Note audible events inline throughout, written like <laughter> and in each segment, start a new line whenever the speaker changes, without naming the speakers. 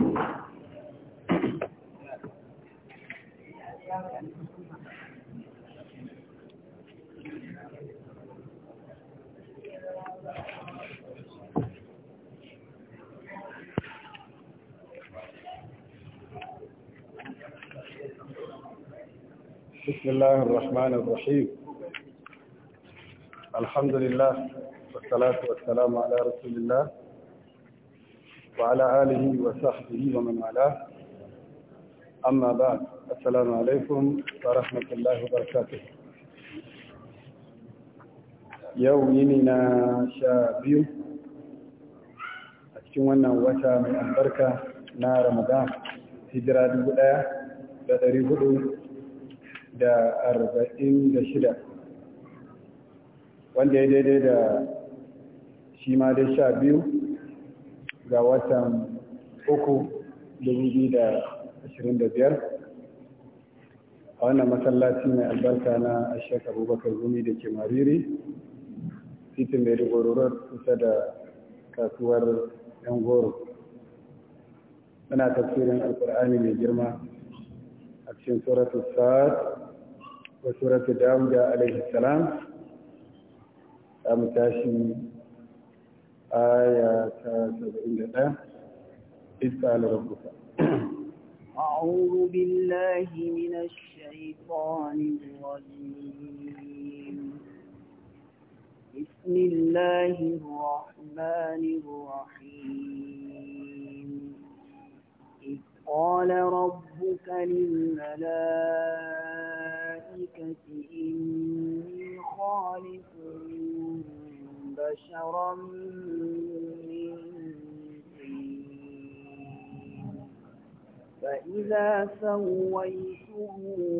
بسم الله الرحمن الرحيم
الحمد لله والصلاة والسلام على رسول الله وعلى آله وصحبه ومن والاه أما بعد السلام عليكم ورحمة الله وبركاته
yau yini na sha
biyu a cikin wannan wata mai albarka na ramadan hijira dubu ɗaya da ɗari hudu da arba'in da shida wanda ya daidai da shi ma dai sha biyu ga watan uku biyar. a wannan masallaci mai albarka na ashek abubakar zumi da ke mariri titin mai rigororar kusa da kasuwar yan goro muna tafsirin alkur'ani mai girma a cikin suratu sa'ad wa suratu da alaihi salam za mu tashi آية 71 إذ قال ربك
أعوذ بالله من الشيطان الرجيم بسم الله الرحمن الرحيم إذ قال ربك للملائكة إني خالق بشرا من فإذا سويته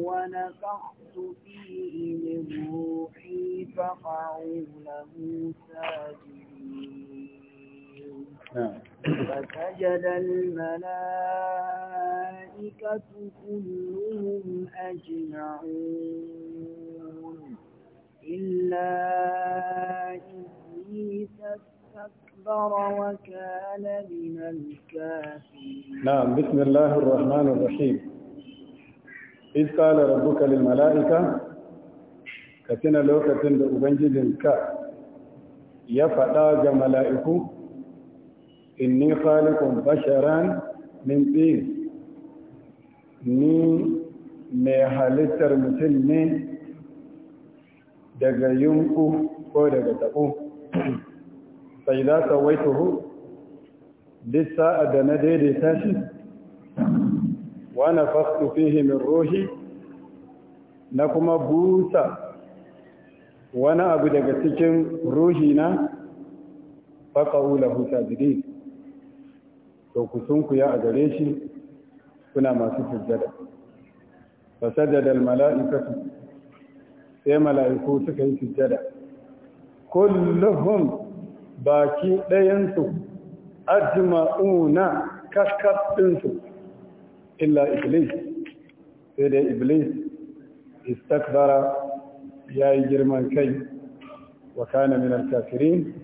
ونفخت فيه من روحي فقعوا له ساجدين نعم. فسجد الملائكة كلهم أجمعون إلا استكبر وكان من الكافرين نعم بسم الله
الرحمن الرحيم إذ قال ربك للملائكة كتنا لو كتن أبنجد كا يفتا جملائك إني خالق بشرا من طين ni mai halittar mutum ne daga yunku ko daga taɓo sai za ta waito duk sa'a da na daidaita shi wa na fasu min rohi na kuma busa wani abu daga cikin rohi na faƙa'u lahu jide to ku ya a gare shi kuna masu sujjada fasajjada mala'ikatu sai mala'iku suka yi sujjada kullum baki ɗayansu ajma'una kakkaɓinsu illa iblis sai dai iblis istakbara ya yi girman kai wa kana minar kafirin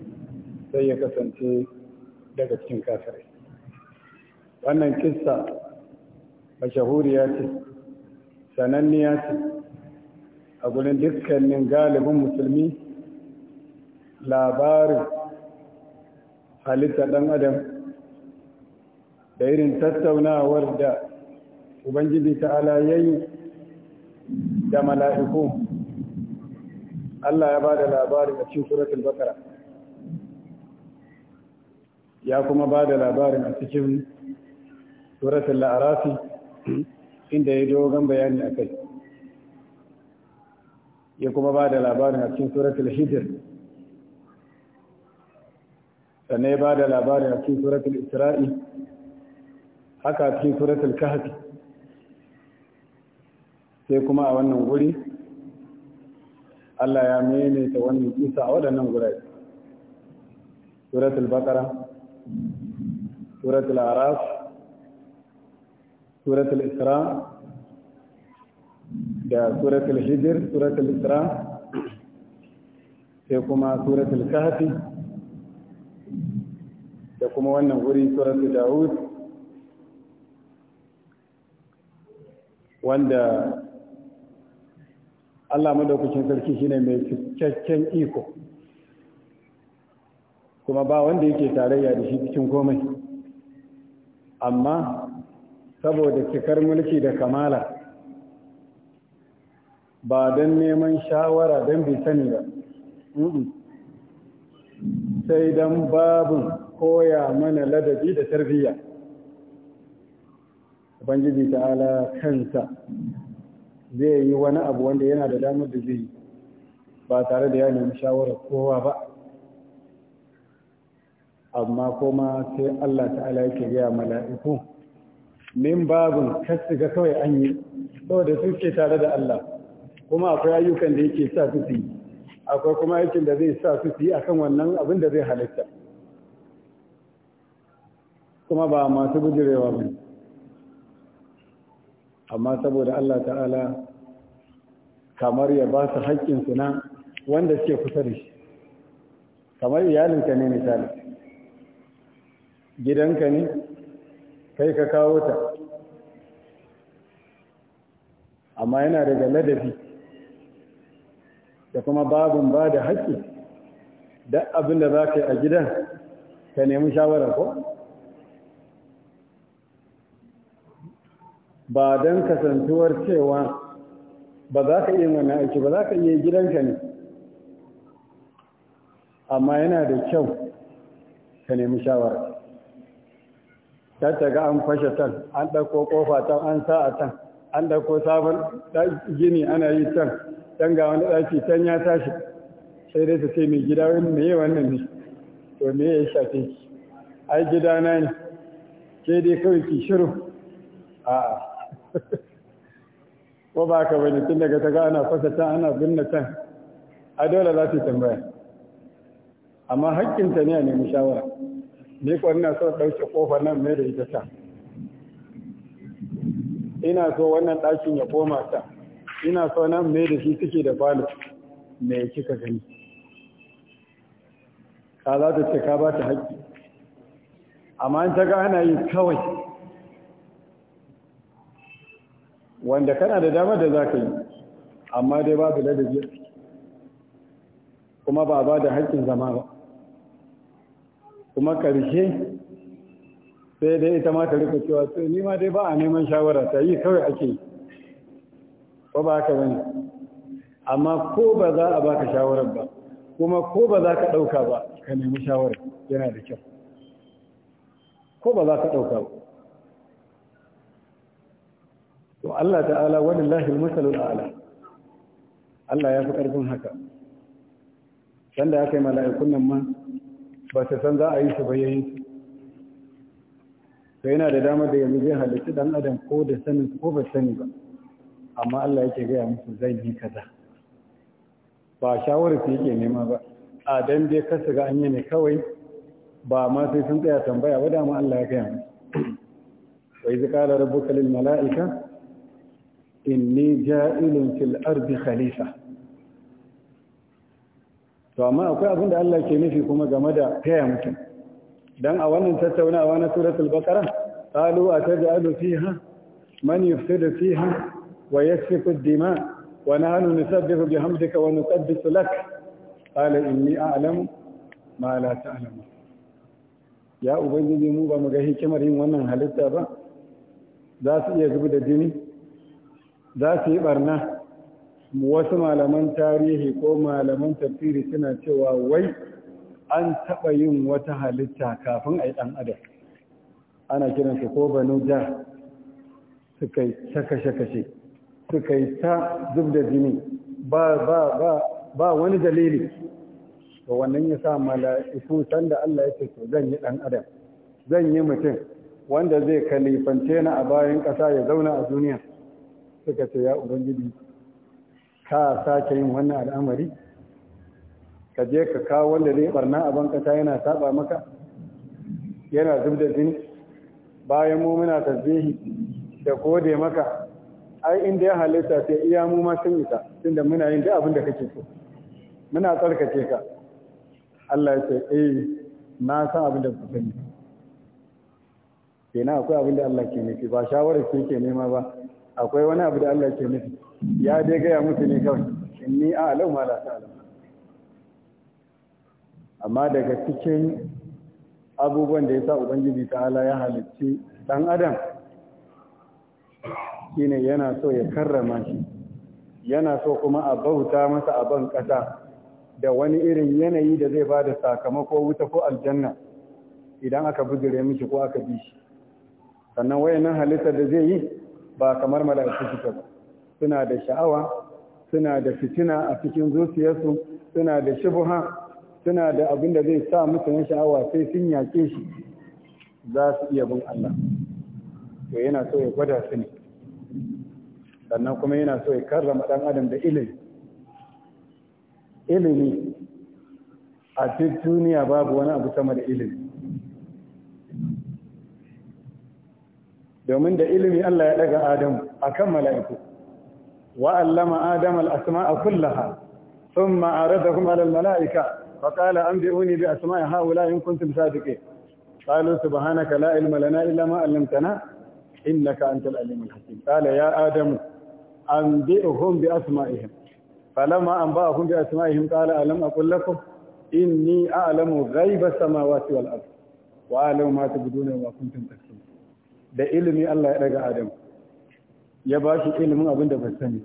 sai ya kasance daga cikin kafirai wannan kissa mashahuriya ce sananniya ce a gudun dukkanin galibin musulmi labarin halitta ɗan adam da irin tattaunawar da ubangiji ta alayayi da mala'iku Allah ya ba da labarin a cikin suratul bakara ya kuma ba da labarin a cikin suratul la'arafi inda ya dogon bayani a kai ya kuma ba da labarin a cikin suratul hijir sannan ya ba da labarin a cikin suratul isra'i haka a cikin suratul kahfi sai kuma a wannan guri Allah ya maimaita wannan kisa a waɗannan gurare suratul baqara suratul araf suratul isra da suratul hijir suratul isra sai kuma suratul kahfi da kuma wannan wuri suratu Dawud wanda Allah madaukakin sarki shine mai cikakken iko kuma ba wanda yake tarayya da shi cikin komai amma saboda cikar mulki da kamala ba don neman shawara don bai sani ba sai don babin koya mana ladabi da tarbiyya ubangiji ta'ala kansa zai yi wani abu wanda yana da damar da zai ba tare da ya nemi shawarar kowa ba amma kuma sai Allah ta'ala yake gaya mala'iku min babin kasu ga kawai an yi saboda su ke tare da Allah kuma akwai ayyukan da yake sa su yi akwai kuma aikin da zai sa su yi akan wannan abin da zai halitta kuma ba masu gujirewa ba amma saboda Allah ta'ala kamar ya ba su haƙƙinsu na wanda suke kusa da shi kamar iyalinka ne misali gidanka ne kai ka kawo ta amma yana daga ladabi da kuma babin ba da haƙƙi da abin da za ka yi a gidan ka nemi shawarar ko? ba don kasantuwar cewa ba za ka iya wani aiki ba za ka iya gidanka ne amma yana da kyau ka nemi shawara ta ga an fashe tan an ɗauko ƙofa tan an sa a tan an ɗauko sabon gini ana yi tan can ga wani ɗaki can ya tashi sai dai ta ce mai gida wani me wannan ne to me ya shafe ai gidana ne ke dai kawai ki shiru a'a ko ba ka bane tun daga ta ga ana fasa ta ana binna ta a dole za ta tambaya amma hakkinta ne a nemi shawara ni ko ina so ɗauke ƙofar nan mai da ita ta ina so wannan ɗakin ya koma ta ina so nan mai da shi suke da falo mai kika gani ka za ta ce ka ba ta haƙƙi amma ta ga ana yi kawai wanda kana da damar da za ka yi amma dai ba babu ladabi kuma ba ba da haƙƙin zama ba kuma ƙarshe sai dai ita ma ta rika cewa sai ni ma dai ba a neman shawara ta yi kawai ake ko ba haka bane amma ko ba za a baka shawarar ba kuma ko ba za ka ɗauka ba ka nemi shawarar yana da kyau ko ba za ka ɗauka ba to Allah ta'ala walillahi al-masalul a'la Allah ya fi karfin haka san da aka yi mala'ikun nan ma ba ta san za a yi su ba su. to yana da damar da yanzu zai halitta dan adam ko da sanin ko ba sani ba amma Allah yake gaya musu zai yi kaza ba shawarar su yake nema ba a dan dai ka su an yi ne kawai ba ma sai sun tsaya tambaya ba dama Allah ya gaya musu wa iz qala rabbuka lil mala'ika إني جائل في الأرض خليفة فما أقول أن الله كيني في كما جمد هي ممكن دان أولا ستونا أولا سورة البقرة قالوا أتجعل فيها من يفسد فيها ويسفك الدماء ونحن نسبح بحمدك ونقدس لك قال إني أعلم ما لا تعلم يا أبي جدي مو بمجهي كمرين ونحن هلتا با ذات يجب الديني za su yi barna wasu malaman tarihi ko malaman tafsiri suna cewa wai an taɓa yin wata halitta kafin a yi ɗan adam ana su, ko banu da suka yi ta kashe-kashe suka yi ta zub da jini ba wani dalili to wannan ya sa mala'iku sanda Allah ya ce to zan yi ɗan adam zan yi mutum wanda zai kalifance na a bayan ƙasa ya zauna a duniya suka ce ya ubangiji ka sake yin wannan al'amari ka je ka kawo wanda zai barna a bankasa yana saba maka yana zub da jini bayan mu muna tasbihi da gode maka ai inda ya halitta sai iya mu ma sun isa tunda muna yin duk abin da kake so muna tsarkake ka Allah ya ce eh na san abin da kuka yi kenan akwai abin da Allah ke nufi ba shawarar ke ke nema ba akwai wani abu da Allah ke nufi ya dai gaya musu ne kawai inni a alau ma la amma daga cikin abubuwan da ya sa ubangiji ala ya halicci dan adam shine yana so ya karrama shi yana so kuma a bauta masa a ban kasa da wani irin yanayi da zai bada sakamako wuta ko aljanna idan aka bugire mishi ko aka bi shi sannan wayannan halittar da zai yi ba kamar mala'iku suke ba suna da sha'awa suna da fitina a cikin zuciyarsu suna da shubha suna da abin da zai sa musu ne sha'awa sai sun yake shi za su iya bin Allah to yana so ya gwada su ne sannan kuma yana so ya karrama dan adam da ilimi ilimi a duk duniya babu wani abu sama da ilimi domin da ilimi Allah ya daga Adamu akan mala'iku wa allama Adam al-asma'a kullaha thumma aradahum 'ala al-mala'ika fa qala anbi'uni bi asma'i ha'ula'i in kuntum sadiqin qalu subhanaka la ilma lana illa ma 'allamtana innaka antal alim al-hakim qala ya Adam anbi'uhum bi asma'ihim فلما أنبأهم بأسمائهم قال ألم أقل لكم إني أعلم غيب السماوات والأرض وأعلم ما wa وما كنتم تكتمون da ilimi Allah ya daga Adam ya ba shi ilimin abin da sani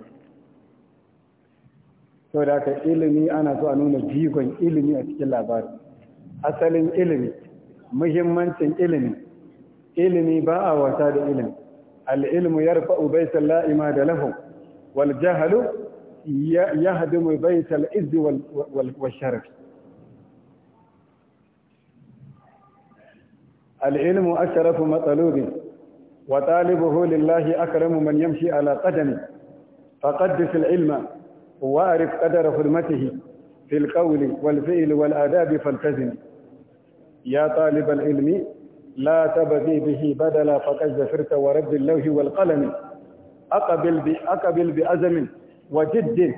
so da aka ilimi ana so a nuna jigon ilimi a cikin labari asalin ilimi muhimmancin ilimi ilimi ba a wasa da ilimi al'ilmu ya rufa ubaitar la'ima da lahu wal jahalu ya haɗu mai bai izi wal sharafi al'ilmu a sharafi matsalobi وطالبه لله أكرم من يمشي على قدمه فقدس العلم وأعرف قدر حرمته في القول والفعل والآداب فالتزم يا طالب العلم لا تبدي به بدلا فقد زفرت ورب اللوح والقلم أقبل, أقبل بأزم وجد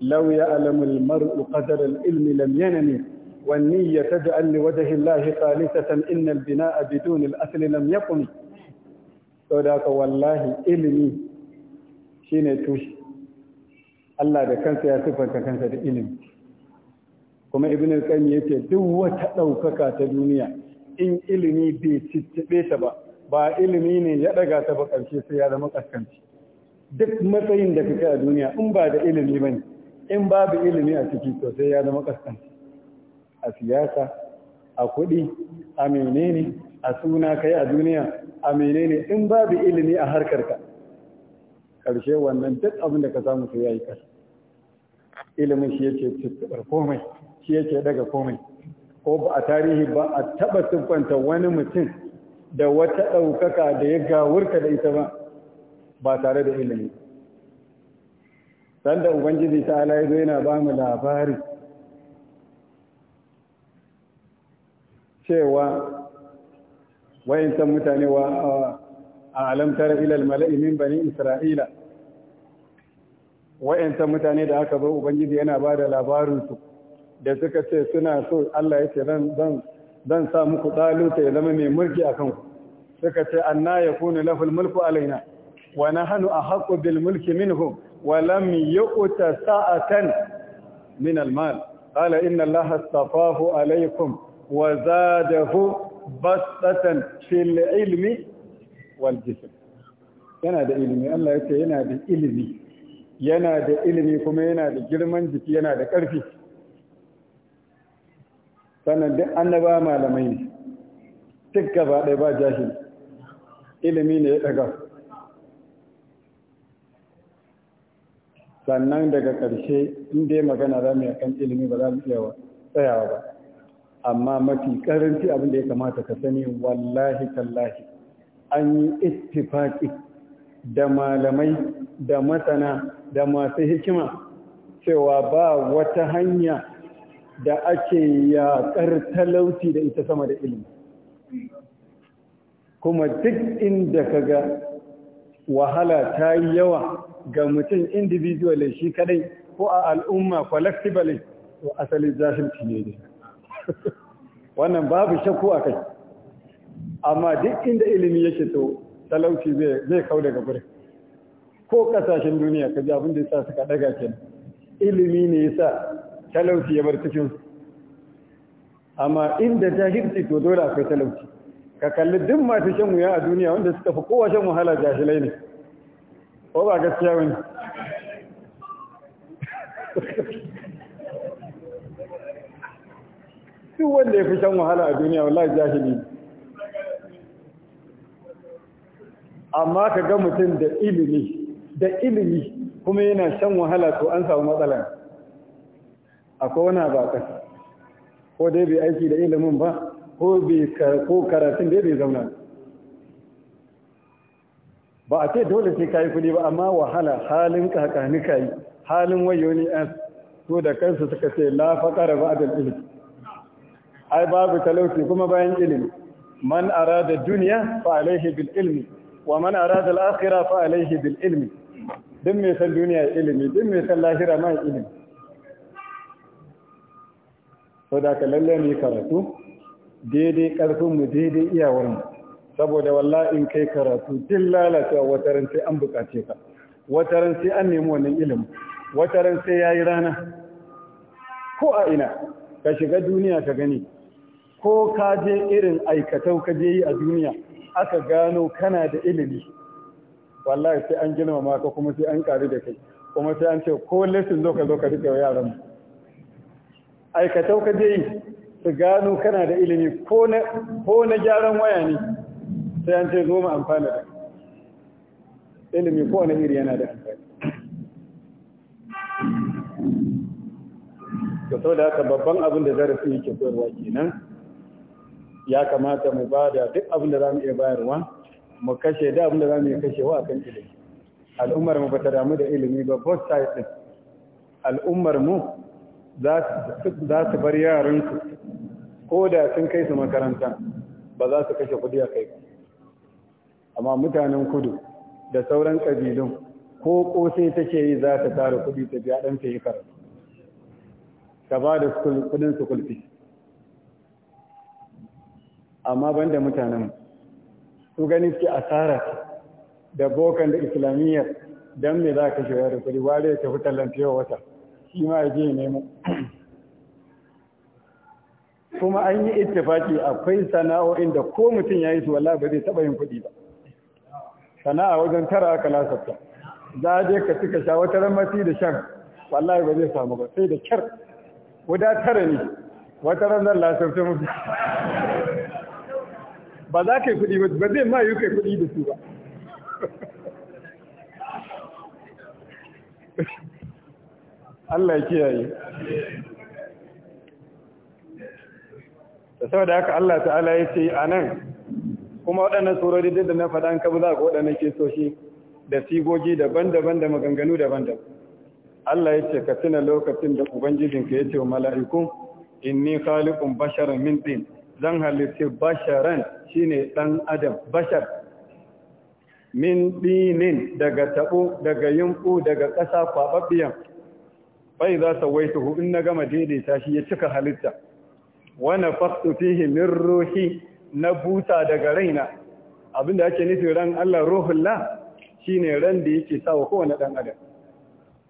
لو يعلم المرء قدر العلم لم ينم والنية تجعل لوجه الله خالصة إن البناء بدون الأصل لم يقم sau da aka wallahi ilimi shine tushe Allah da kansa ya siffanta kansa da ilimi kuma ibn al-qayyim yace duk wata daukaka ta duniya in ilimi bai ciccibe ta ba ba ilimi ne ya daga ta ba karshe sai ya zama kaskanci duk matsayin da kake a duniya in ba da ilimi bane in babu ilimi a ciki to sai ya zama kaskanci a siyasa a kuɗi a menene a suna kai a duniya a menene in babu ilimi a harkarka karshe wannan duk abin da ka samu sai yayi kasa ilimin shi yake tuntubar komai shi yake daga komai ko ba a tarihi ba a taba siffanta wani mutum da wata ɗaukaka da ya gawurka da ita ba ba tare da ilimi sanda ubangiji ta ala zo yana ba mu labari cewa wayancan mutane wa a alamtar ilal mala'i min bani isra'ila wayancan mutane da aka bar ubangiji yana ba da labarinsu da suka ce suna so Allah ya ce zan sa muku ɗaluta ya zama mai mulki a kanku suka ce anna ya kunu lafil mulku alaina wa a ahqqu bil mulki minhum wa lam yu'ta sa'atan min al mal qala inna allaha astafahu alaykum wa zadahu bastatan fil ilmi wal jism yana da ilimi Allah ya ce yana da ilimi yana da ilimi kuma yana da girman jiki yana da ƙarfi sannan duk annaba malamai ne duk gaba ɗaya ba jahili ilimi ne ya daga sannan daga ƙarshe in magana za mu yi kan ilimi ba za mu iya tsayawa ba amma mafi karanci abin da ya kamata ka sani wallahi tallahi an yi ittifaki da malamai da masana da masu hikima cewa ba wata hanya da ake yaƙar talauci da ita sama da ilimi kuma duk inda ka ga wahala ta yi yawa ga mutum individually shi kadai ko a al'umma collectively to asali zafin ne dai wannan babu shakku a kai amma duk inda ilimi yake to talauci zai kau daga gurin ko kasashen duniya ka ji abin da yasa suka daga ke ilimi ne yasa talauci ya bar cikin amma inda jahilci to dole akwai talauci ka kalli duk masu shan wuya a duniya wanda suka fi kowa shan wahala jahilai ne ko ba gaskiya wani <laughs> duk wanda ya fi shan wahala a duniya wallahi jahili amma ka ga mutum da ilimi da ilimi kuma yana shan wahala to an samu matsala akwai wani ba ko dai bai aiki da ilimin ba ko karatun dai bai zauna ba a ce dole sai kayi kuɗi ba amma wahala halin kakani kayi halin wayo an to da kansu suka ce la faqara ba adal ai babu talauci kuma bayan ilimi man arada duniya fa alaihi bil ilmi wa man arada al akhirah fa alaihi bil ilmi din mai san duniya ilimi din mai san lahira ma ilimi to da ka lalle ne karatu daidai karfin mu daidai iyawar mu saboda wallahi in kai karatu din lalacewa wata sai an bukace ka Wata sai an nemi wannan ilimi wataran sai yayi rana ko a ina ka shiga duniya ka gani ko ka je irin aikatau ka je yi a duniya aka gano kana da ilimi wallahi sai an gina maka kuma sai an ƙari da kai kuma sai an ce ko lesson zo ka zo ka rike wa yaran aikatau ka je yi su gano kana da ilimi ko na gyaran waya ne sai an ce zo mu amfana da ilimi ko na iri yana da amfani da sau da haka babban abin da zarafi yake koyarwa kenan ya kamata mu ba da duk abin da za mu iya bayarwa mu kashe da abin da za mu iya kashewa a kan ilimi al'ummar mu ba ta damu da ilimi ba both sides din al'ummar mu za su bar su ko da sun kai su makaranta ba za su kashe kudi a kai amma mutanen kudu da sauran ƙabilun ko ƙosai take yi za ta tara kudi ta biya ɗan ta yi karatu ka ba da kudin su kulfi amma ban da mutanen su gani suke asara da bokan da islamiyya don me za ka shiga da kudi wale ta tafi tallanfiyar wata shi ma ya je nemo kuma an yi ittifaki akwai sana'o'in da ko mutum ya yi su wallahi ba zai taɓa yin kuɗi ba sana'a wajen tara aka lasafta za a je ka suka sha wata ramasi da shan wallahi ba zai samu ba sai da kyar guda tara ne wata ranar lasafta mutum ba za ka yi kuɗi ba ba zai ma yi kai kuɗi da su ba Allah ya kiyaye da saboda haka Allah ta'ala ya ce a nan kuma waɗannan duk da na faɗa ka za ga waɗannan ke soshi da sigogi daban-daban da maganganu daban-daban Allah ya ce ka tuna lokacin da ubangijinka ya ce wa mala'iku inni khaliqun basharan min din zan halitta basharan shine dan adam bashar min dinin daga tabo daga yunku daga ƙasa kwababiyan bai za sawaituhu inna in na gama daidaita shi ya cika halitta wani faktu fihi min ruhi na busa daga raina abinda ake nufi ran Allah la shine ran da yake sawa kowane dan adam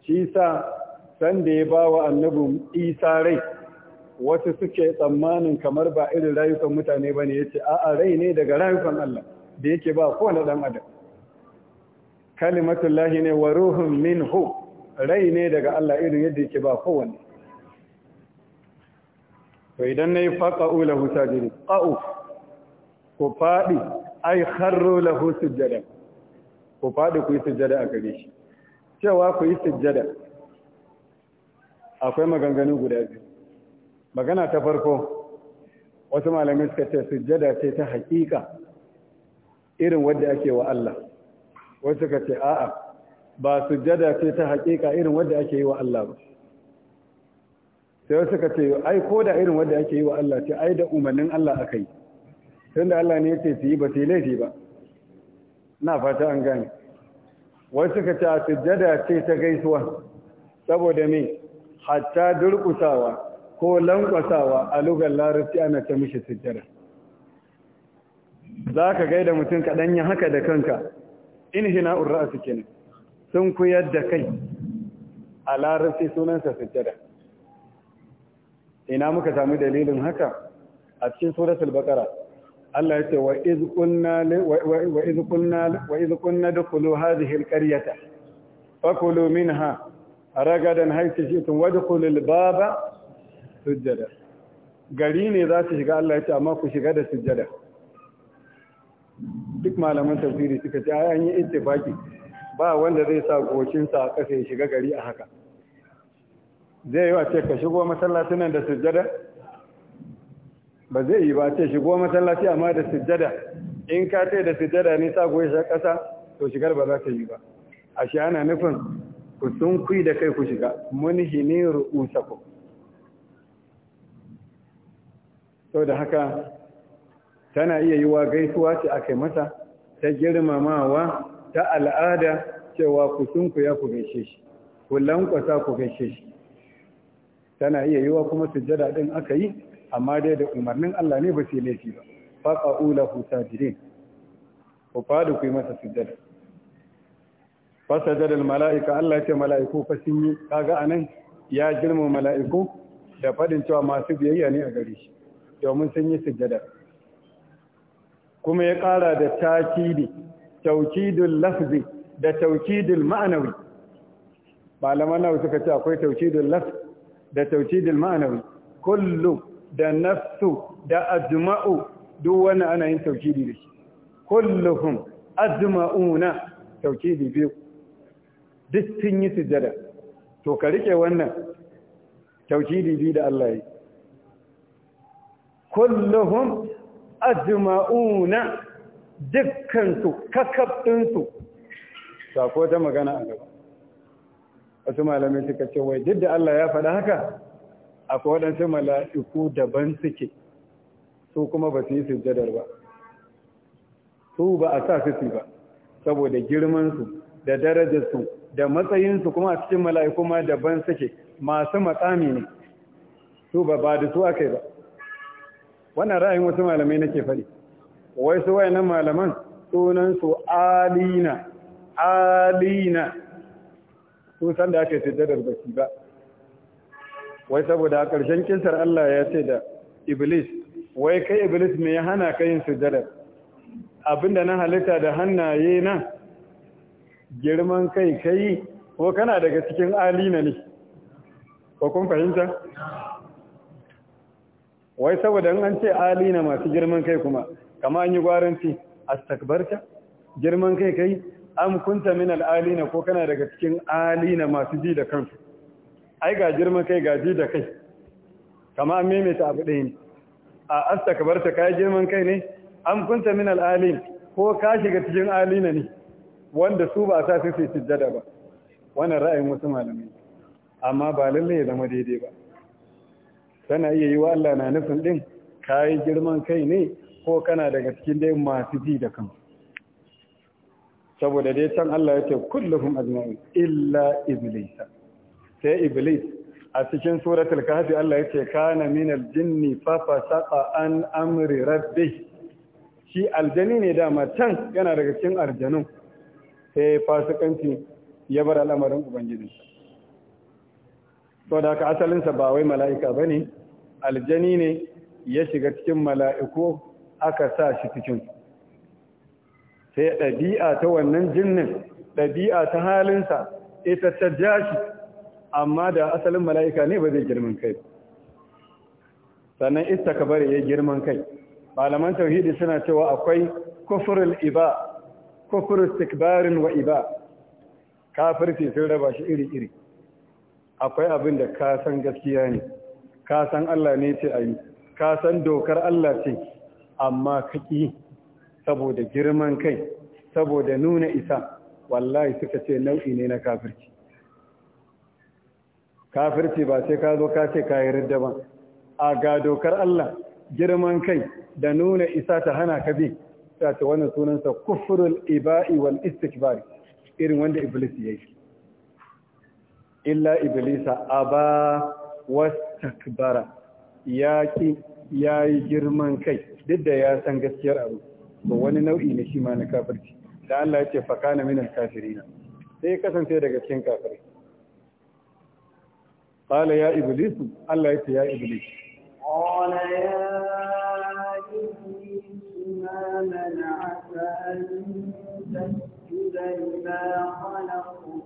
shi sa san da ya bawa annabi Isa rai wasu suke tsammanin kamar ba irin rayukan mutane ba ne ya ce a'a rai ne daga rayukan Allah da yake ba kowane ɗan adam kalimatun lahi ne wa ruhun min hu rai ne daga Allah irin yadda yake ba kowane to idan na yi faƙa'u lahu sajiri ƙa'u ku faɗi ai harro lahu sujjada ku faɗi ku yi sujjada a gare shi cewa ku yi sujjada akwai maganganu guda biyu magana ta farko wasu malamai suka ce sujjada ce ta haƙiƙa irin wadda ake wa Allah wasu suka ce a'a ba sujjada ce ta haƙiƙa irin wadda ake yi wa Allah ba sai wasu suka ce ai ko da irin wadda ake yi wa Allah ce ai da umarnin Allah aka yi tunda Allah ne ya ce su yi ba su yi laifi ba na fata an gane wasu suka ce sujjada ce ta gaisuwa saboda me hatta durkusawa ko lankwasawa a lugar larabci ana ta mishi sujjada za ka gaida mutum kaɗan ya haka da kanka in hina urra su sun kuyar da kai a larabci sunansa sujjada ina muka sami dalilin haka a cikin suratul baqara Allah ya ce wa iz kunna wa iz wa iz hadhihi alqaryata fakulu minha ragadan haythu shi'tum wadkhulul baba sujjada gari ne za su shiga Allah ya ce amma ku shiga da sujjada duk malaman tafsiri suka ce ai an yi ittifaki ba wanda zai sa sa a ƙasa ya shiga gari a haka zai yi wa ce ka shigo masallaci nan da sujjada ba zai yi ba ce shigo masallaci amma da sujjada in ka ce da sujjada ne sa goyi shi kasa, to shigar ba za ta yi ba a shi ana nufin ku sun kui da kai ku shiga munhini ru'usakum da haka tana iya yi wa gaisuwa ce aka mata ta girmamawa ta al'ada cewa ku ku ya ku gaishe shi ku lankwasa ku gaishe shi tana iya yi wa kuma sujjada ɗin aka yi amma dai da umarnin Allah ne ba su yi laifi ba ula lahu sajidin ku fadu ku yi masa sujjada fasajada mala'ika Allah ce mala'iku fa sun yi kaga anan ya girma mala'iku da faɗin cewa masu biyayya ne a gare shi domin sun yi sujjada kuma ya ƙara da takidi taukidul lafzi da taukidul ma'anawi malaman nawa suka ce akwai taukidul lafzi da taukidul ma'anawi kullu da nafsu da azma'u duk wani ana yin taukidi da shi kulluhum azma'una taukidi biyu duk sun yi sujjada to ka rike wannan taukidi biyu da Allah ya yi kullum ajma'una dukkansu kakab ɗinsu sako ta magana a gaba wasu malamai suka ce wai duk da Allah ya faɗa haka akwai waɗansu mala'iku daban suke su kuma ba su yi sujjadar ba su ba a sa su ba saboda girmansu da darajarsu da matsayinsu kuma a cikin mala'iku ma daban suke masu matsami ne su ba ba da su aka yi ba wannan ra'ayin wasu malamai nake faɗi wai su wayannan malaman sunan su alina alina su san da aka tajjadar baki ba wai saboda a ƙarshen kinsar Allah ya ce da iblis wai kai iblis me ya hana ka yin sujjadar abinda na halitta da hannaye na girman kai kai ko kana daga cikin alina ne ko kun fahimta wai saboda an ce alina masu girman kai kuma kama an yi a astakbarta girman kai kai am kunta min Alina ko kana daga cikin alina masu ji da kansu ai ga girman kai ga ji da kai kama an maimaita abu ɗaya ne a astakbarta kai girman kai ne am kunta min Alina ko ka shiga cikin alina ne wanda su ba sa su sujjada ba wannan ra'ayin wasu malamai amma ba lalle ya zama daidai ba tana iya yi wa Allah na nufin ɗin kayi girman kai ne ko kana daga cikin dai masu ji da kan saboda dai can Allah ya ce kulluhum ajma'in illa iblis sai iblis a cikin suratul kahfi Allah ya ce kana min jinni fa fasaqa an amri rabbi. shi aljani ne dama can yana daga cikin aljanu. sai fasikanci ya bar al'amarin ubangijinsa to da asalinsa ba wai mala'ika ba ne aljani ne ya shiga cikin mala'iku aka sa shi cikin sai ɗabi'a ta wannan jinnin ɗabi'a ta halinsa ita ta ja shi amma da asalin mala'ika ne ba zai girman kai sannan bari ya girman kai malaman tauhidi suna cewa akwai kufrul iba kufrul istikbarin wa iba kafirci sun raba shi iri-iri akwai abin da ka san gaskiya ne ka san Allah ne ce ayi ka san dokar Allah ce amma ka ƙi saboda girman kai saboda nuna isa wallahi suka ce nau'i ne na kafirci kafirci ba sai ka zo ka ce ka yi ridda ba a ga dokar Allah girman kai da nuna isa ta hana ka bi ta ce wannan sunansa kufrul iba'i wal istikbari irin wanda iblis ya illa iblisa aba wastakbara ya yayi ya yi girman kai duk da ya san gaskiyar abu ba wani nau'i ne shi ma na kafirci da Allah ya ce min al-kafirin sai ya kasance daga cikin kafirai qala ya iblis Allah ya ce ya
iblis
qala ya iblis ma mana'aka an tasjuda lima khalaqtu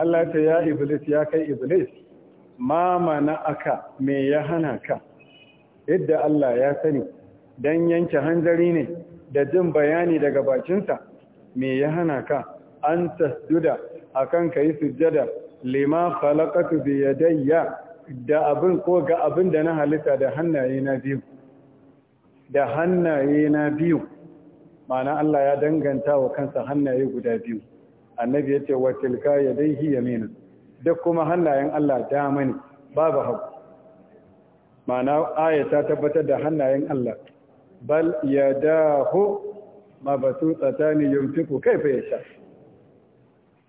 Allah ta ya Iblis ya kai Iblis, ma mana aka me ya hana ka, idda Allah ya sani, don yanke hanzari ne da jin bayani daga bakinsa, me ya hana ka, an tasduda a kan ka yi sujjada, lima falakatu biyadayya da abin ko ga abin da na halitta da hannaye na biyu. da hannaye na biyu ma'ana Allah ya danganta wa kansa hannaye guda biyu annabi yace wa tilka yadayhi yamina Duk kuma hannayen Allah dama ne babu hagu ma'ana aya ta tabbatar da hannayen Allah bal yadahu kai yumtiku kaifa yasha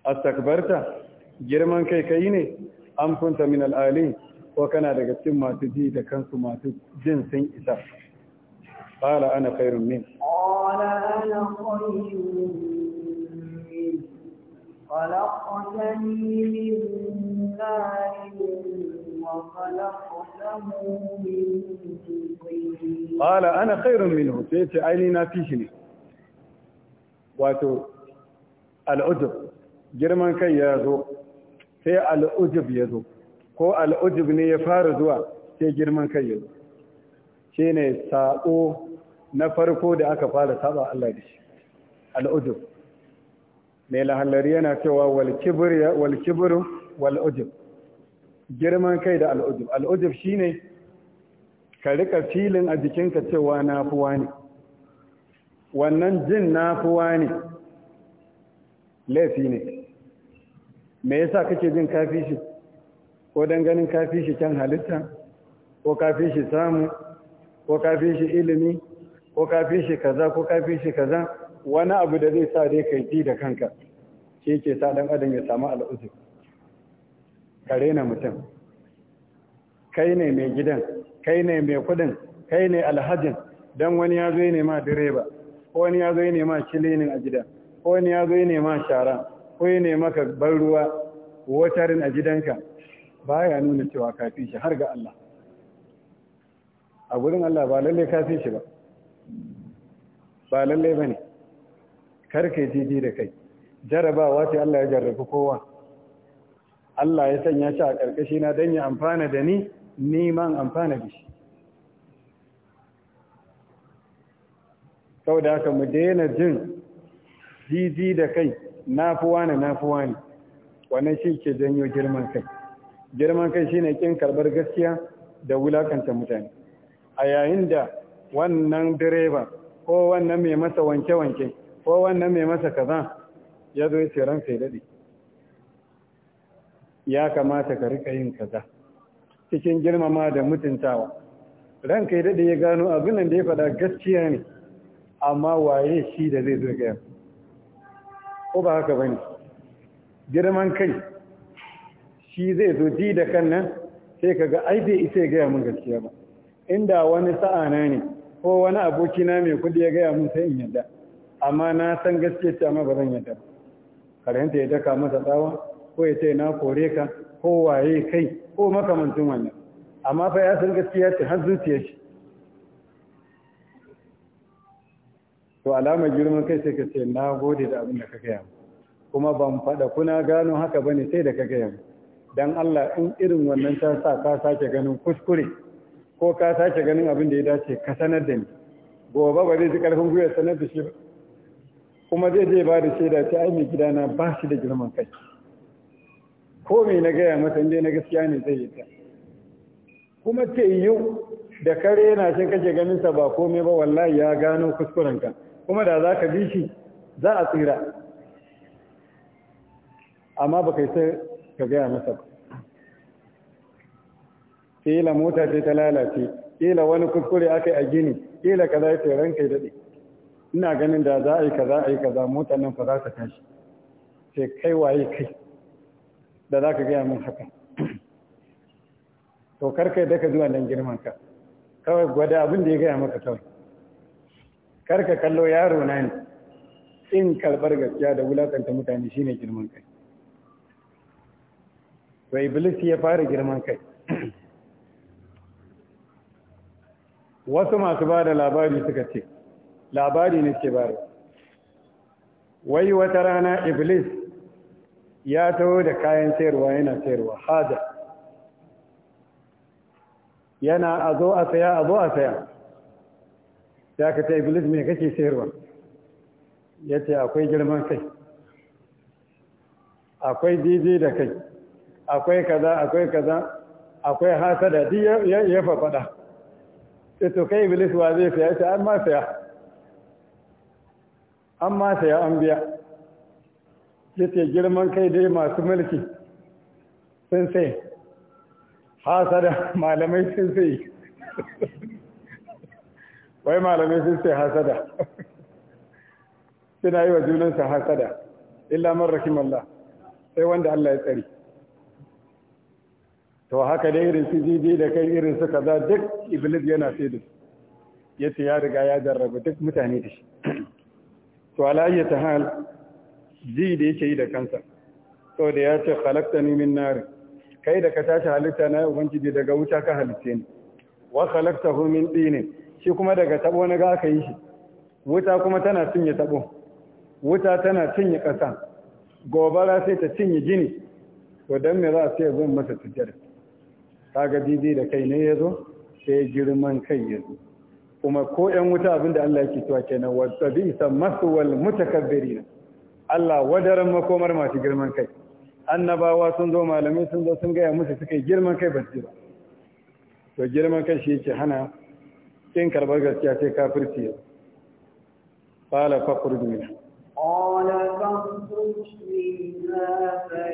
astakbarta
girman kai kai ne an kunta min al'ali ko kana daga cikin masu ji da kansu masu jin sun isa قال أنا خير منه
قال أنا خير منه خلقتني من نار وخلقته من قال أنا خير منه
سيتي عينينا نافيشني واتو العجب جرمان kai يازو zo العجب يازو كو العجب ني يفارزوا ne جرمان fara يازو sai girman kai na farko da aka fara saba Allah da shi al'ujub mai lahallari yana cewa wal kibru wal ujub girman kai da al'ujub al'ujub shine ka rika filin a jikinka cewa na fuwa ne wannan jin na fuwa ne laifi ne me yasa kake jin kafi shi ko dan ganin kafi shi can halitta ko kafi shi samu ko kafi shi ilimi ko ka shi kaza ko ka shi kaza wani abu da zai sa dai kai ji da kanka shi ke sa dan adam ya samu al'uzu ka rena mutum kai ne mai gidan kai ne mai kudin kai ne alhajin dan wani ya zo ne ma direba ko wani ya zo ne ma kilinin a gida ko wani ya zo ne ma shara ko ya ne ka ruwa watarin a gidanka baya nuna cewa kafin shi har ga Allah a gurin Allah ba lalle kafin shi ba ba lalle ba ne karka jiji da kai jarabawa ce Allah ya jarrafi kowa Allah ya sanya shi a ƙarƙashi na don ya amfana da ni neman amfana da shi sau da haka mu daina jin jiji da kai nafuwa na nafuwa ne wannan shi ke janyo girman kai girman kai shi ne ƙin karɓar gaskiya da wulakanta mutane a yayin da wannan direba ko wannan mai masa wanke-wanke ko wannan mai masa kaza ya zo ce ran sai daɗe ya kamata ka riƙa yin kaza cikin girmama da mutuntawa ran kai daɗe ya gano abin da ya fada gaskiya ne amma waye shi da zai zurga yau ko ba haka ba ne girman kai shi zai zo ji da kan nan sai kaga ai bai isa gaya mun gaskiya ba inda wani sa'ana ne ko wani abokina mai kudi ya gaya mun sai in yadda amma na san gaske ce amma ba zan yadda ba karanta ya daka masa tsawa ko ya ce na kore ka ko waye kai ko makamancin wannan amma fa ya san gaskiya ce har zuciya shi to alama girman kai sai ka ce na gode da abin da ka gaya kuma ban faɗa kuna gano haka bane sai da ka gaya dan Allah in irin wannan ta sa ka sake ganin kuskure ko ka sake ganin abin da ya dace ka sanar da ni gobe ba zai ji karfin gwiwa sanar da shi ba kuma zai je ba da shaida ta ai mai gidana ba shi da girman kai ko me na gaya masa inda na gaskiya ne zai yi ta kuma ce yi da kare yana shin kake ganin sa ba komai ba wallahi ya gano kuskuren ka. kuma da zaka bi shi za a tsira amma baka yi sai ka gaya masa ba kila mota ce ta lalace kila wani kuskure aka yi a gini kila kaza ya ce ranka daɗe ina ganin da za a yi kaza a yi kaza motar nan fa za ta tashi sai kai waye kai da za ka gaya min haka to karkai da ka zuwa nan girman ka kawai gwada abin da ya gaya maka kawai karka kallo yaro na ne in karɓar gaskiya da wulakanta mutane shine girman kai Wai iblis ya fara girman kai wasu masu ba da labari suka ce labari ne ke bari wai wata rana iblis ya taho da kayan sayarwa yana sayarwa hada yana a zo a saya a zo a saya ya ka ta iblis mai kake sayarwa ya ce akwai girman kai akwai daidai da kai akwai kaza akwai kaza akwai hasada duk ya faɗa. ya eh, to kai iblis wa zai saya ta an ma saya an ma saya an biya ya ce girman kai dai masu mulki sun sai hasada malamai sun sai wai malamai sun sai hasada suna yi wa junansa hasada illa man rahimallah sai wanda Allah ya tsari to haka dai irin su jiji da kai irin su kaza duk iblis yana sai da yace ya riga ya jarraba duk mutane da shi to ala ta hal ji da yake yi da kansa to da ya ce khalaqtani min nar kai da ka tashi halitta na ubangiji daga wuta ka halitte ni wa khalaqtahu min din shi kuma daga tabo na ga aka yi shi wuta kuma tana cinye tabo wuta tana cinye kasa gobara sai ta cinye gini to dan me za a ce zan masa sujjada kaga bibi da kai ne yazo sai girman kai yazo kuma ko ƴan wuta abinda Allah yake cewa kenan wa tabisa maswal mutakabbirin Allah wadaran makomar masu girman kai annabawa sun zo malamai sun zo sun gaya musu suka girman kai ba su ba to girman kai shi yake hana kin karbar gaskiya sai kafirci ya fala fakur dunya
qala fakhruj minha fa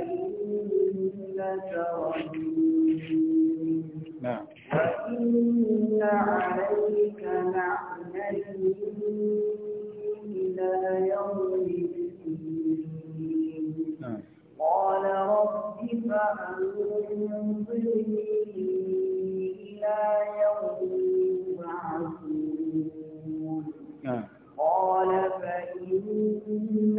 نعم وإن عليك لعنتي إلى يوم الدين نعم. قال رب فأنظرني إلى يوم يبعثون نعم. قال فإنك من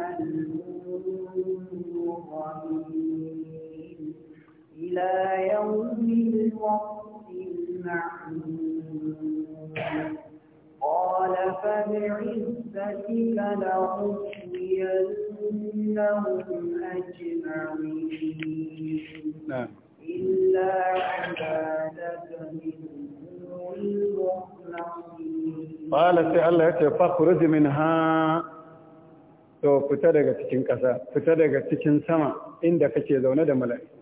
المنظرين إلى يوم الوقت المعين قال فبعزتك لأغوينهم أجمعين نعم. إلا عبادك المخلصين قال سي الله يا
منها to منها daga cikin ƙasa fita daga cikin sama inda kake zaune da mala'iku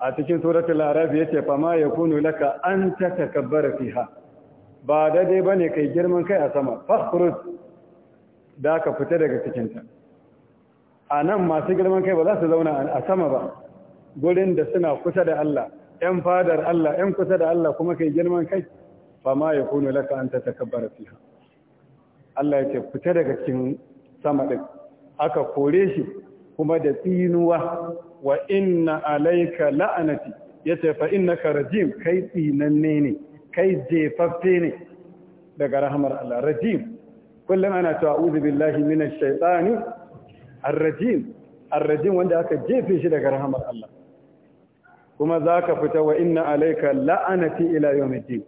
a cikin suratul ya ce fama ya yakunu laka an fi fiha ba daidai ne kai girman kai a sama fakhruj da ka fita daga cikinta. A nan masu girman kai ba za su zauna a sama ba gurin da suna kusa da Allah 'Yan fadar Allah 'yan kusa da Allah kuma kai girman kai fa ma yakunu laka an fi fiha Allah ya ce fita daga cikin sama din aka kore shi kuma da tsinuwa wa inna alaika la'anati ce fa innaka rajim kai tsinanne ne kai jefaffe ne daga rahmar Allah rajim kullum ana cewa a'udhu billahi minash shaitani ar-rajim ar-rajim wanda aka jefe shi daga rahmar Allah kuma zaka fita wa inna alaika la'anati ila yawmiddin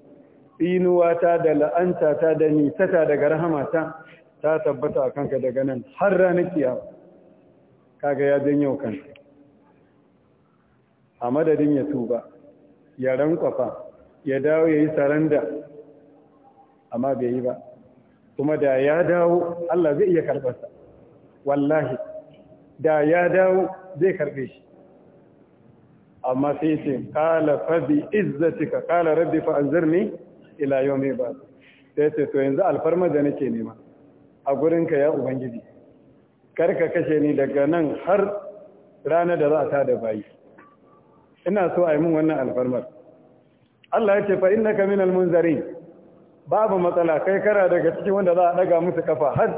inuwata da la'anta ta da nisata daga rahamata ta tabbata kanka daga nan har ranar kiyama kaga ya janyo kansa a madadin ya tuba ya rankwafa ya dawo ya yi saranda amma bai yi ba kuma da ya dawo Allah zai iya karɓarsa wallahi da ya dawo zai karbe shi amma sai ce kala fabi izzatika kala rabbi fa anzirni ila yawmi ba sai ce to yanzu alfarma da nake nema a gurinka ya ubangiji karka kashe ni daga nan har ranar da za ta da bayi ina so a yi mun wannan alfarmar Allah ya ce fa innaka minal zari. babu matsala kai kara daga cikin wanda za a daga musu kafa har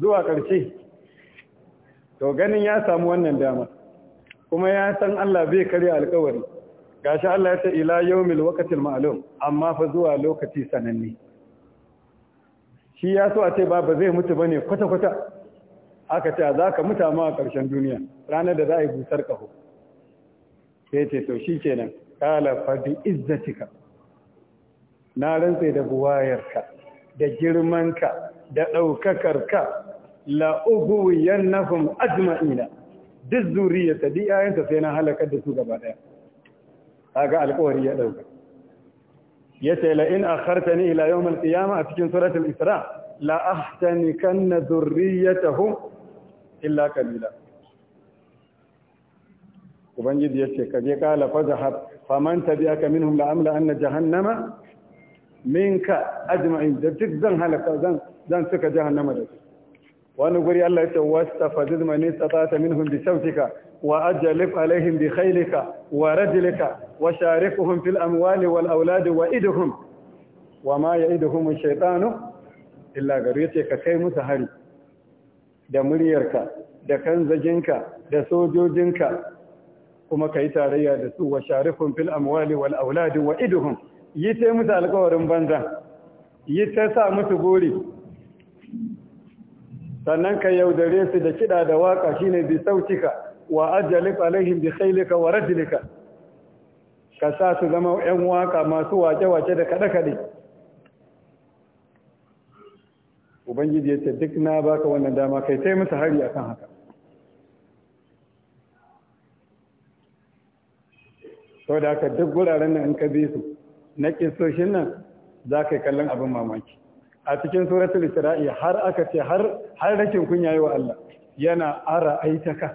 zuwa karshe to ganin ya samu wannan dama kuma ya san Allah bai karya alkawari gashi Allah ya ce ila yawmil waqtil ma'lum amma fa zuwa lokaci sananne shi ya so a ce ba ba zai mutu bane kwata kwata aka ce za ka muta a ƙarshen duniya ranar da za a yi busar ƙaho sai ce to shi kenan kala fadi izzatika na rantse da buwayarka da girmanka da ɗaukakarka la'ubuwiyan nahum ajma'ina duk ya duk yayanta sai na halakar da su gaba ɗaya kaga alƙawari ya ɗauka ya ce la'in a harta ni ila yawon a cikin suratul isra la'ahtanikan na zurriyatahum illa kalila ubangiji yace ka je kala fazahab faman tabi'aka minhum la amla anna jahannama minka ajma'in da duk zan halaka zan zan suka jahannama da wani guri Allah yace wastafadid man istata minhum bi sawtika wa ajlib alaihim bi khaylika wa rajlika wa sharikuhum fil amwali wal auladi wa idhum wa ma ya'iduhum ash-shaytanu illa gari yace ka kai musu hari da muryarka da kanzaginka da sojojinka kuma ka yi tarayya da su wa sharifin fil amwali wal auladi wa iduhum yi ta musu alkawarin banza yi ta sa musu gori sannan ka yaudare su da kiɗa da waka shine bi sautika wa ajalik alaihim bi khailika wa rajlika ka sa su zama 'yan waka masu wace-wace da kaɗe-kaɗe ubangiji ya ce duk na baka wannan dama kai sai musu hari akan haka sau da haka duk guraren nan in ka bi su na kisoshin nan za ka yi kallon abin mamaki a cikin suratul isra'i har aka ce har rakin kunya yi wa Allah yana ara aitaka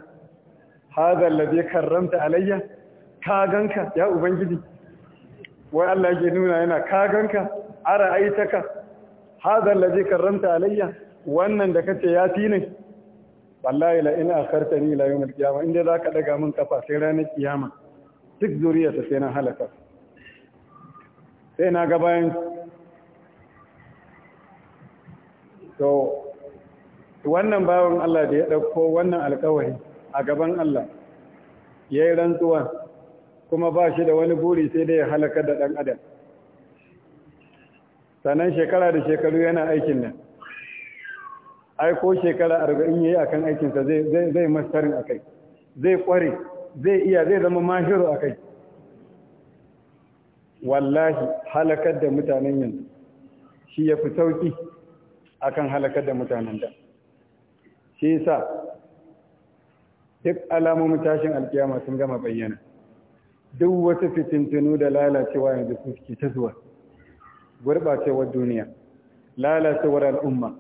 hadha alladhi karramta alayya ka ganka ya ubangiji wai Allah yake nuna yana ka ganka ara aitaka hadha allazi karramta alayya wannan da kace ya fi ne wallahi la in akhartani la yawm al-qiyamah inda ka daga min kafa sai ranar kiyama duk ta sai na halaka sai na ga bayan to wannan bawan Allah da ya dauko wannan alƙawari a gaban Allah yi rantsuwa kuma ba shi da wani buri sai dai ya halaka da dan adam sannan shekara da shekaru yana aikin nan ai ko shekara arba'in ya yi kan aikinsa zai mastarin a kai zai kware zai iya zai zama mahiru a kai wallahi halakar da mutanen yanzu shi ya fi sauki akan halakar da mutanen da shi yasa duk alamomin tashin alkiyama sun gama bayyana duk wasu fitintunu da lalacewa yanzu suke ta zuwa gurɓacewar duniya lalacewar al'umma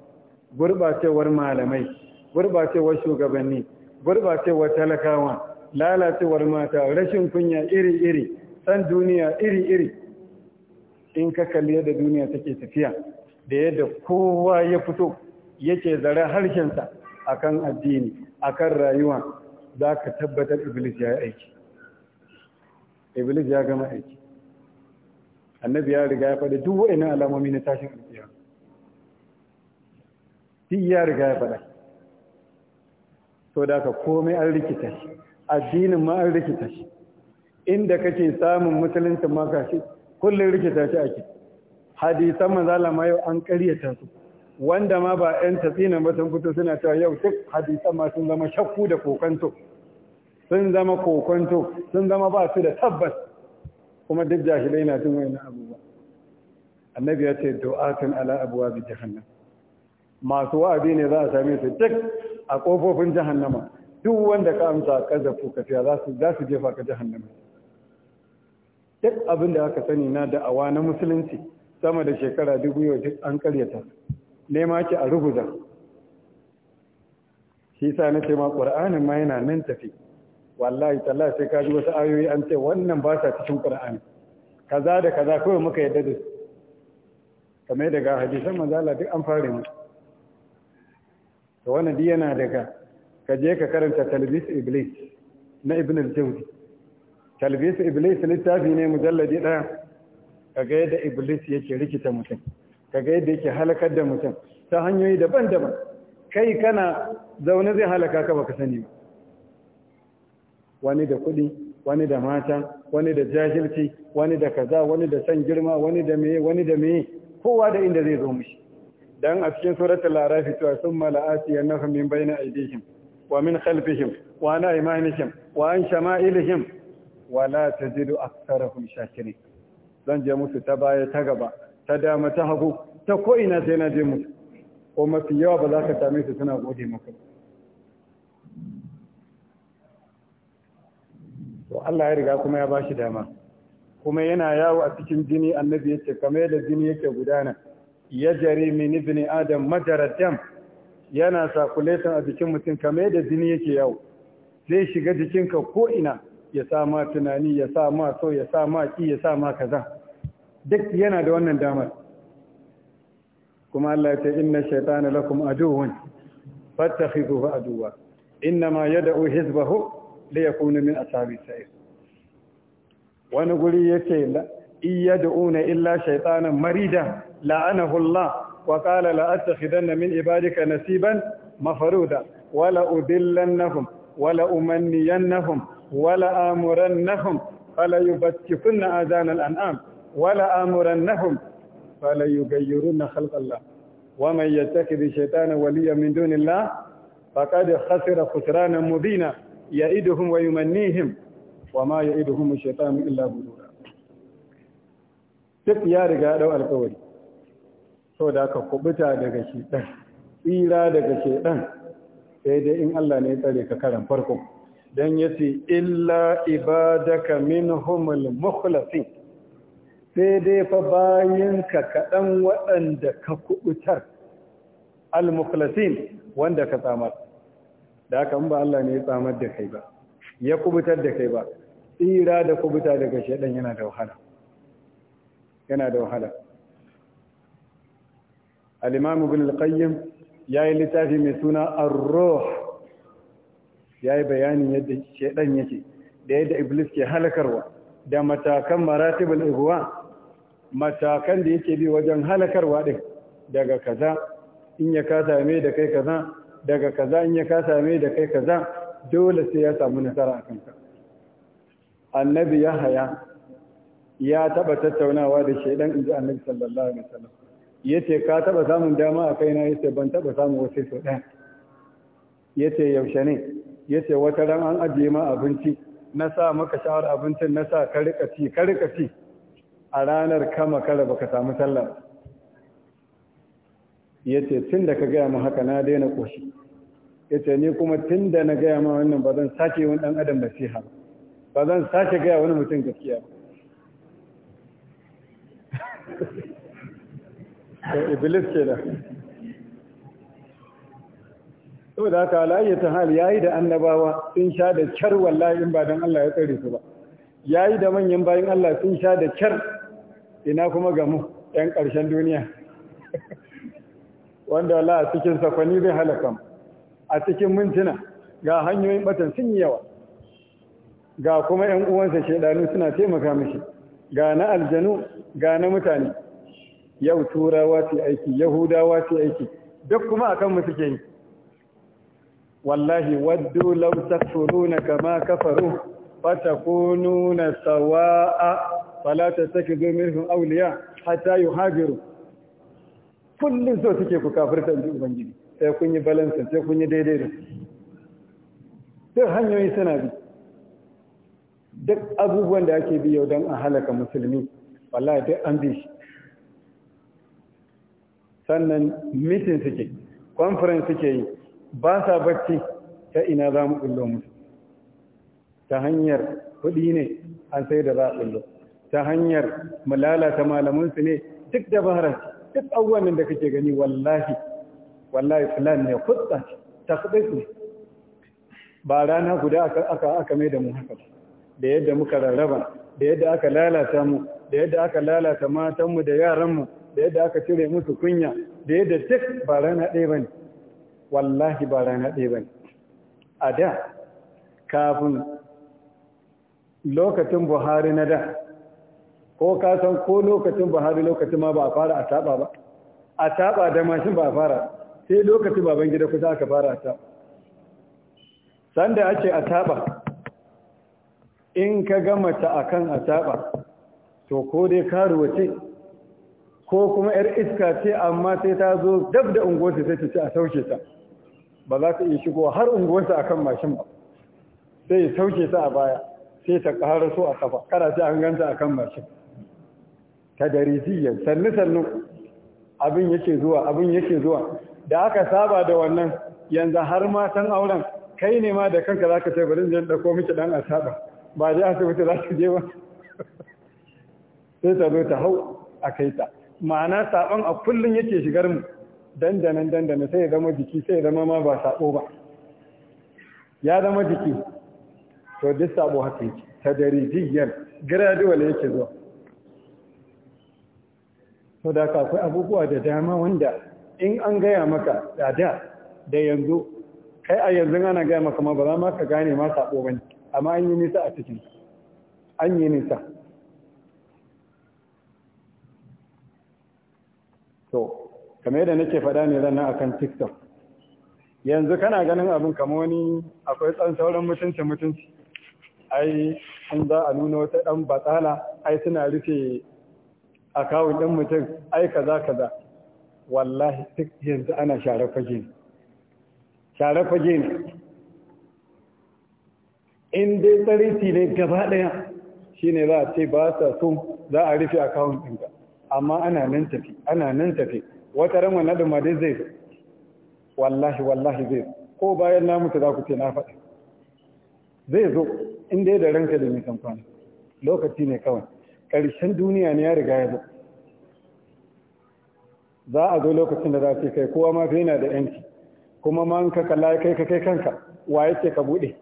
gurɓacewar malamai gurɓacewar shugabanni gurɓacewar talakawa lalacewar mata rashin kunya iri-iri san duniya iri-iri in ka kalli yadda duniya take tafiya da yadda kowa ya fito yake zara harshensa akan addini akan rayuwa za ka tabbatar iblis ya yi aiki iblis ya gama aiki annabi ya riga ya faɗa duk wa'annan alamomi na tashin alƙiyama duk ya riga ya faɗa to da ka komai an rikita shi addinin ma an rikita shi inda kake samun musulunci ma shi kullum rikita shi ake hadisan manzala ma yau an ƙaryata su wanda ma ba 'yan tatsinan ba sun fito suna cewa yau duk hadisan ma sun zama shakku da kokonto sun zama kokonto sun zama ba su da tabbas kuma duk jahilai na jin wani abubuwa annabi ya ce do'atun ala bi jahannam masu wa'azi ne za a same su duk a kofofin jahannama duk wanda ka amsa kazafu ka fiya za su za su jefa ka jahannama duk abin da aka sani na da'awa na musulunci sama da shekara dubu yau duk an karyata nema ki a rubuta shi sa na ce ma ƙur'anin ma yana nan tafi wallahi tallahi sai ka ji wasu ayoyi an ce wannan ba sa cikin qur'ani kaza da kaza kawai muka yadda da su kame daga hadisan manzala duk an fara mu to wannan duk yana daga ka je ka karanta talbis iblis na ibn al-jawzi talbis iblis littafi ne mujalladi Ka kaga yadda iblis yake rikita mutum kaga yadda yake halakar da mutum ta hanyoyi daban-daban kai kana zaune zai halaka ka baka sani ba wani da kuɗi wani da mata wani da jahilci wani da kaza wani da san girma wani da meye wani da meye kowa da inda zai zo mushi dan a cikin suratul arafi to sun mala'ati annahum min bayna aydihim wa min khalfihim wa ana imanihim wa an shama'ilihim wa la tajidu aktharahum shakirin zan je musu ta baya ta gaba ta dama ta hagu ta ko ina sai na je musu ko mafi yawa ba za ka same su suna gode maka ba to Allah ya riga kuma ya shi dama kuma yana yawo a cikin jini annabi yake kamar yadda jini yake gudana ya jari min ibni adam madara dam yana sakuletan a jikin mutum kamar yadda jini yake yawo zai shiga jikinka ko ina ya sa ma tunani ya sa ma so ya sa ma ki ya sa ma kaza duk yana da wannan damar kuma Allah ya ce inna shaytana lakum aduwwun fattakhidhuhu aduwwa inna ma yad'u hizbahu ليكون من أصحاب السعير ونقول يتيل يدعون إلا شيطانا مريدا لعنه الله وقال لا أتخذن من عبادك نسيبا مفرودا ولا أذلنهم ولا أمنينهم ولا آمرنهم فلا يبتكن آذان الأنعام ولا آمرنهم فلا يغيرن خلق الله ومن يتخذ الشيطان وليا من دون الله فقد خسر خسرانا مبينا ya'iduhum wa yumannihim wa ma ya'iduhum ash illa duk ya riga ɗau alƙawari da ka kubuta daga shedan tsira daga shedan sai dai in Allah ne ya tsare ka karan farko dan yace illa ibadaka minhumul mukhlasin sai dai fa ka kaɗan waɗanda ka kubutar al-mukhlasin wanda ka samar da haka ba Allah ne ya tsamar da kai ba ya kubutar da kai ba tsira da kubuta daga shaidan yana da wahala yana da wahala al-imam ibn al-qayyim yayi littafi mai suna ar-ruh yayi bayanin yadda shaidan yake da yadda iblis ke halakarwa da matakan maratibul ihwa matakan da yake bi wajen halakarwa din daga kaza in ya kasa mai da kai kaza daga kaza in ya ka same da kai kaza dole sai ya samu nasara a kanka annabi ya haya ya taba tattaunawa da shaidan inji annabi sallallahu alaihi wasallam yace ka taba samun dama a kaina yace ban taba samu wasu sau daya yace yaushe ne yace wata ran an ajiye ma abinci na sa maka shawar abincin na sa ka rika ci ka rika ci a ranar kama kala baka samu sallah yace tun da ka gaya mu haka na daina koshi ya ce ni kuma tun da na gaya ma wannan ba zan sake wani ɗan adam da siha ba zan sake gaya wani mutum gaskiya
da <laughs> eh, iblis ke da
da haka ta hal ya yi da annabawa sun sha da kyar wallahi in ba don Allah ya tsare su ba ya yi da manyan bayan Allah sun sha da kyar ina kuma ga mu 'yan ƙarshen duniya <laughs> wanda Allah a cikin sakwani zai halaka mu a cikin mintuna ga hanyoyin batan sun yi yawa ga kuma ‘yan uwansa shaidanu suna taimaka mashi ga na aljanu ga na mutane yau turawa ce aiki yahudawa ce aiki duk kuma a kanmu suke yi wallahi waddu law na kama kafaru fatakununa sawa'a domin tattakizu auliya Hata hatta yuhajiru kullum so suke ku kafirta ubangiji sai kun yi balansin sai kun yi daidai da sai hanyoyi suna bi duk abubuwan da ake bi yau dan a halaka musulmi wallahi duk an bi sannan mitin suke conference suke yi ba sa bacci ta ina za mu ɓullo musu ta hanyar kuɗi ne an sai da za a ɓullo ta hanyar mu lalata malamansu ne duk da bahara duk abubuwan da kake gani wallahi wallahi fulan ne kutsa takbaiku ne ba rana guda aka aka mai da mu haka da yadda muka rarraba da yadda aka lalata mu da yadda aka lalata matanmu da yaranmu da yadda aka cire musu kunya da yadda tek ba rana ɗaya bane wallahi ba rana ɗaya bane a da kafin lokacin buhari na da ko ka san ko lokacin buhari lokacin ma ba a fara a taɓa ba a taɓa da mashin ba a fara sai lokacin baban gida kusa aka fara ta sanda ake a taɓa in ka gama ta akan a to ko dai karuwa ce ko kuma yar iska ce amma sai ta zo dab da unguwarsa sai ta ce a sauke ta ba za ta iya shigowa har unguwarsa akan mashin ba sai ya sauke ta a baya sai ta kara so a kafa kada sai an ganta akan mashin ta darijiyar sannu sannu abin yake zuwa abin yake zuwa da aka saba da wannan yanzu har matan auren kai ne ma da kanka za ka ce bari jin ɗauko miki ɗan asaba ba je asibiti za ka je ba sai ta zo ta hau a kai ta ma'ana saɓon a kullum yake shigar mu dandanan dandana sai ya zama jiki sai ya zama ma ba saɓo ba ya zama jiki to duk saɓo haka yake ta darijiyar gradual yake zuwa to da akwai abubuwa da dama wanda in an gaya maka tsada da yanzu kai a yanzu ana gaya maka ma ba za ma ka gane ma sabo bane amma an yi nisa a cikin an yi nisa to kamar yadda nake faɗa ne zan akan tiktok yanzu kana ganin abin kama wani akwai tsan sauran mutunci mutunci ai an za a nuna wata ɗan batsala ai suna rufe akawun ɗin mutum ai kaza kaza wallahi duk yanzu ana share fage ne share fage ne in dai tsariti ne gaba ɗaya shi ne za a ce ba sa so za a rufe akawun ɗinka amma ana nan tafi ana nan tafi wata ran wani ɗin ma dai zai wallahi wallahi zai ko bayan na mutu za ku ce na faɗa zai zo in dai da ranka da nisan kwana lokaci ne kawai ƙarshen duniya ne ya riga ya zo za a zo lokacin da za ce kai kowa ma fi yana da yanci kuma man ka kalla kai ka kai kanka wa yake ka bude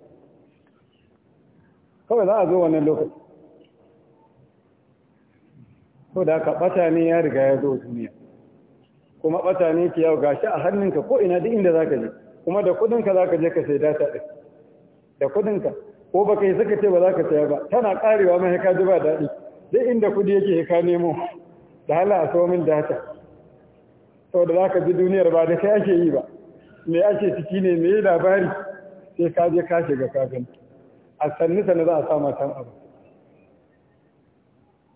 kawai za a zo wannan lokacin. ko da ka bata ne ya riga ya zo duniya kuma bata ne ki yau gashi a hannunka ko ina duk inda zaka je kuma da ka zaka je ka sai data din da ka ko baka yi saka ce ba zaka saya ba tana karewa mai ka ji ba daɗi duk inda kudi yake ka nemo da hala a so min data saboda za ka ji duniyar ba da kai ake yi ba me ake ciki ne me labari sai ka je ka shiga kafin a sannu sannu za a sama san abu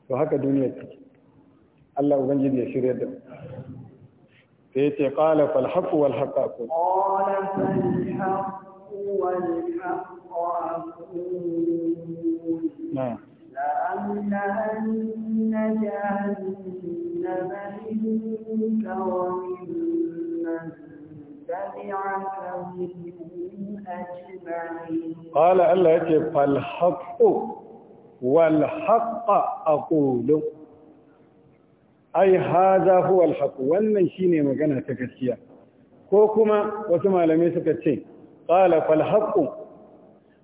to haka duniyar ciki Allah ubangiji ya shirya da sai ya ce qala fal haqq wal haqq aqul
qala fal haqq wal haqq aqul لأملأن جهنم قال الله يجب
فالحق والحق أقول ai haza huwa alhaq wannan shine magana ta gaskiya ko kuma wasu malamai suka ce qala fal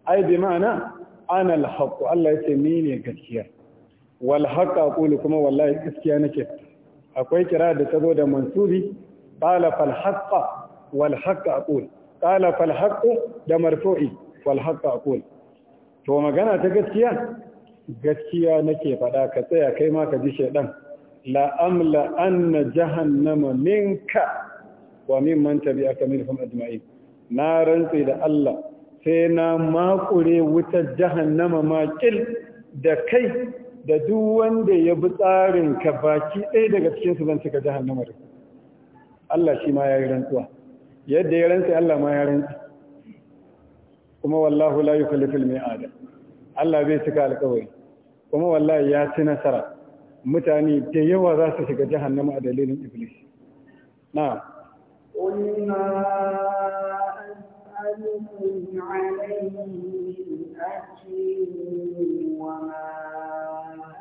ai ana alhaqu Allah ya ce ni ne gaskiya wal haqa aqulu kuma wallahi gaskiya nake akwai kira da tazo da mansubi qala fal haqa wal haqa aqulu qala fal haqu da marfu'i wal haqa aqulu to magana ta gaskiya gaskiya nake faɗa ka tsaya kai ma ka ji shaidan la amla anna jahannama minka wa mimman tabi'aka minhum ajma'in na rantsi da Allah sai na makure wutar jahannama makil da kai da duk wanda ya bi tsarin ka baki ɗaya daga cikin su zan cika jahannama da Allah shi ma ya yi rantsuwa yadda ya rantsa Allah ma ya rantsa kuma wallahu la al mi'ada Allah bai cika alƙawari kuma wallahi ya ci nasara mutane da yawa za su shiga jahannama a dalilin iblis na'am
أسألكم عليه من أجر وما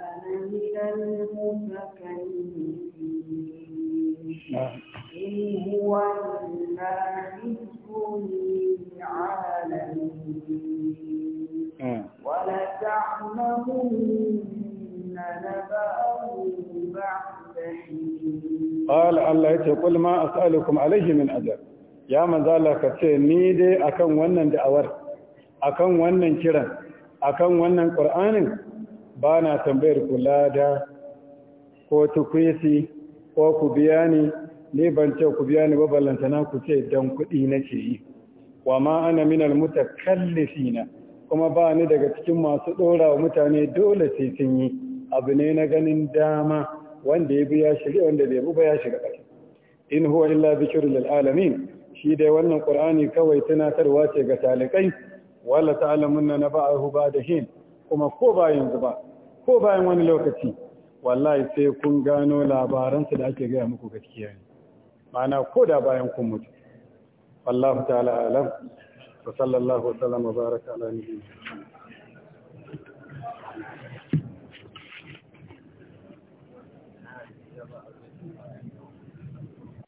أنا من المتكلمين إن هو إلا رزق للعالمين ولتعلمن نبأه بعد حين قال الله يقول ما أسألكم عليه من أجر
ya manzala ka ce ni dai akan wannan da'awar akan wannan kiran akan wannan ƙur'anin ba na tambayar kula da ko tukwisi ko ku biya ni ne ban ce ku biya ni baballanta na ku ce don kuɗi nake yi wa ma ana minal mutakallifina kuma ba ni daga cikin masu ɗora wa mutane dole sai sun yi abu ne na ganin dama wanda ya biya shirya wanda bai ba ya shiga in huwa illa zikrul alamin shi dai wannan ƙur'ani kawai tunatarwa ce ga talikai wala ta'lamunna naba'ahu ba'da hin kuma ko ba yanzu ba ko bayan wani lokaci wallahi sai kun gano labaransu da ake gaya muku gaskiya ne ma'ana ko da bayan kun mutu wallahu ta'ala alam wa sallallahu wa sallama baraka ala nabiyyina